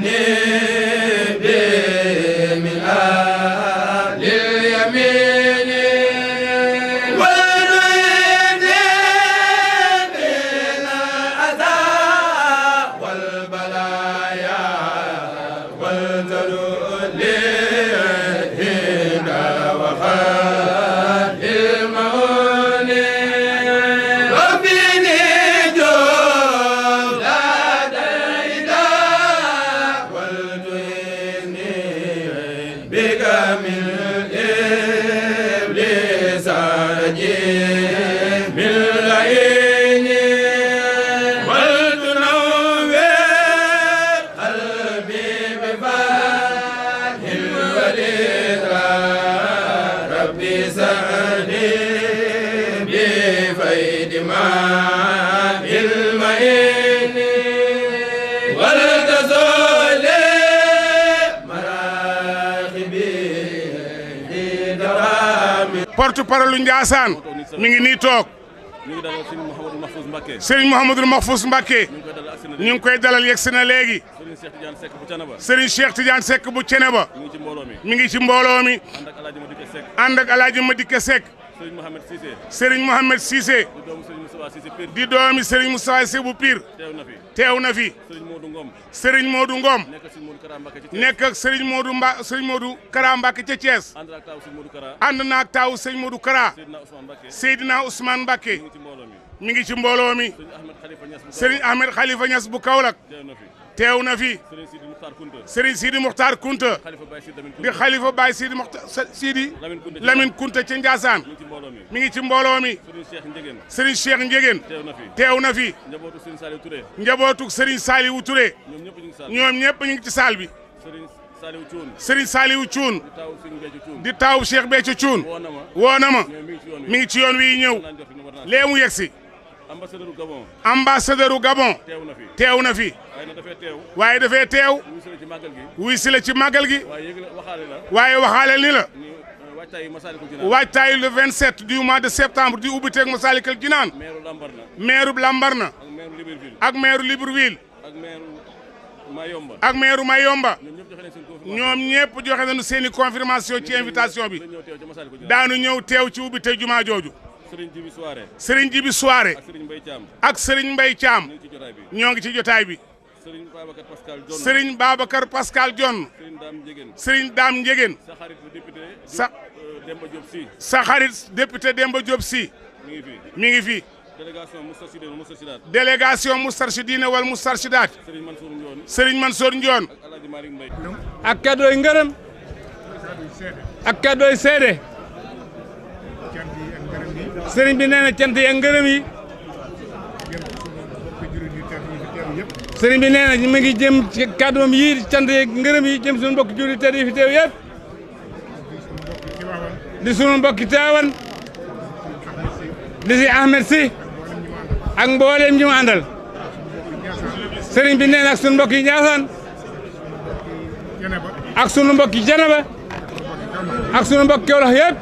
ne زيد ماء المئن ولا تزال مراقبي درام porte parole mi ngi nii toog ñu ngi dalal Serigne Mouhamadou Mahfouz Mbacké Serigne koy dalal yegsi na léegi Serigne Cheikh Tidiane Seck bu Ceneba bu Ceneba mi ngi ci mbooloo mi mi ngi ci mbooloo mi Serigne Mohamed Cissé. Serigne Mohamed Cissé. di doomi Serigne Moustapha Cissé Pire. di doomi Serigne Moustapha Cissé bu Pire. teew na fi teew na fi. Serigne Modou Ngom. Serigne Modou Ngom. nekk ak Serigne Modou Mba Serigne naag taawu Serigne Modou Kara. ànd naag taawu Serigne Modou Kara. Seydina Ahmed Khalifa Niass bu Kaolack. teew na fi Serigne Sidi Muxtaar Kunta Serigne Sidi Muxtaar Kunta di xalifa Baye Sidi Muxtaar Sidi Lamine Kunta ci Ndiassane mi ngi ci mbooloo mi Serigne Cheikh Ndiégène teew na fi njabootuk Serigne Saliou Touré ñoom ñëpp ñu ngi ci saal bi Serigne Saliou Thioune di taawu Cheikh Béthio Thioune woo na ma mi ngi ci yoon wi ñëw léemu yegsi ambassadeur Gabon ambassadeur Gabon teew na fi waaye dafay teew wuy si la ci màggal gi waaye waxaale ni la uh, waajtaayu le 27 du mois de septembre di ubbi teeg Masaalikal Jinaan meerub Lambarna ak meeru Libreville ak meeru Mayomba ñoom ñëpp joxe nañu seen i confirmation ci invitation bi daanu ñëw teew ci ubbi te jumaa jooju Serigne Jibi Soare Serigne Jibi Soare ak Serigne Mbaye Thiam ñoo ngi ci jotaay bi Serigne Babacar Pascal John Serigne Babacar Pascal John. Serigne Dame Ndiégène Serigne euh, sa xarit député. Demba Diop si. sa xarit député Demba Diop si. ngi fi mi ngi fi. délégation Moustarchidine wal Moustarchidaat. délégation Moustarchidine wal Moustarchidaat. Serigne Mansour Ndione. Serigne Mansour Ndione. ngërëm. ak kàddooy seede. Serigne bi nee na cant ngërëm yi. sëriñ bi nee na ngi jëm ci kàddoom yii cant yeeg ngërëm yi jëm suñu mbokki jullit yi fi teew yëpp di suñu mbokki teewan di si Ahmed si ak mbooleem ñu mu sëriñ bi nee na ak suñu mbokki Njaasaan ak suñu mbokki Janaba ak suñu mbokki Kawlax yëpp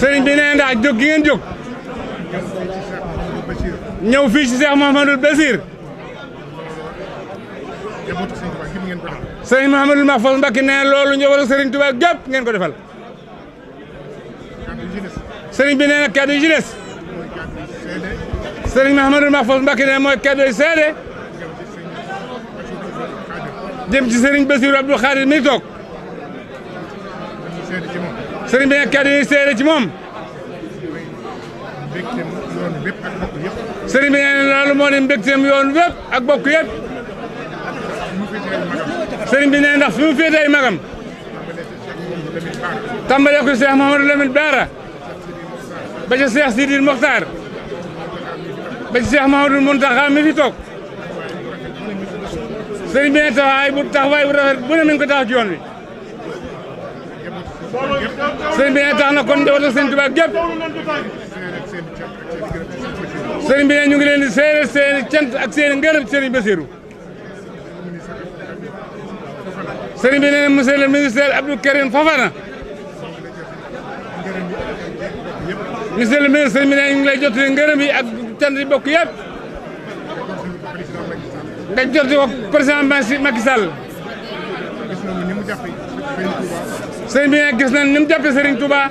sëriñ bi nee na ndax jóg gi ngeen jóg ñëw fi ci Cheikh Mouhamadul Basir. sëriñ Mouhamadul Mahfouz Mbacké nee loolu njëwal sëriñ Touba gep ngeen ko defal. sëriñ bi ne nak kaddu yu ci des. sëriñ Mouhamadul Mahfouz Mbacké nee mooy kaddu yu dem ci sëriñ Bassirou Abdou Khadir mi tok sëriñ bi ne kaddu yu ci mom sëriñ bi nee na loolu moo di mbégteem yoon wépp ak bokk yëpp sëriñ bi nee ndax fi mu féete ay magam tàmbalee ko Cheikh Mouhamadou Lamine Baara ba ca Cheikh Sidil Mokhtar ba ci Cheikh Mouhamadou Mountakha mi fi toog sëriñ bi nee taxawaay bu taxawaay bu rafet bu ne mi ko tax ci yoon wi sëriñ bi nee tax na kon njabootu sëriñ Tuubaa gépp sëriñ bi ñu ngi leen di seere seen i cant ak seen i ngërëm sëriñ Bassirou sëriñ bi ne monsieur le ministre Abdou Karim Fofana monsieur le ministre sëriñ bi ñu ngi lay jottali ngërëm yi ak cant yi bokk yëpp nga jot ko président Macky Sall sëriñ bi ne gis nañ ni mu jàppee sëriñ Touba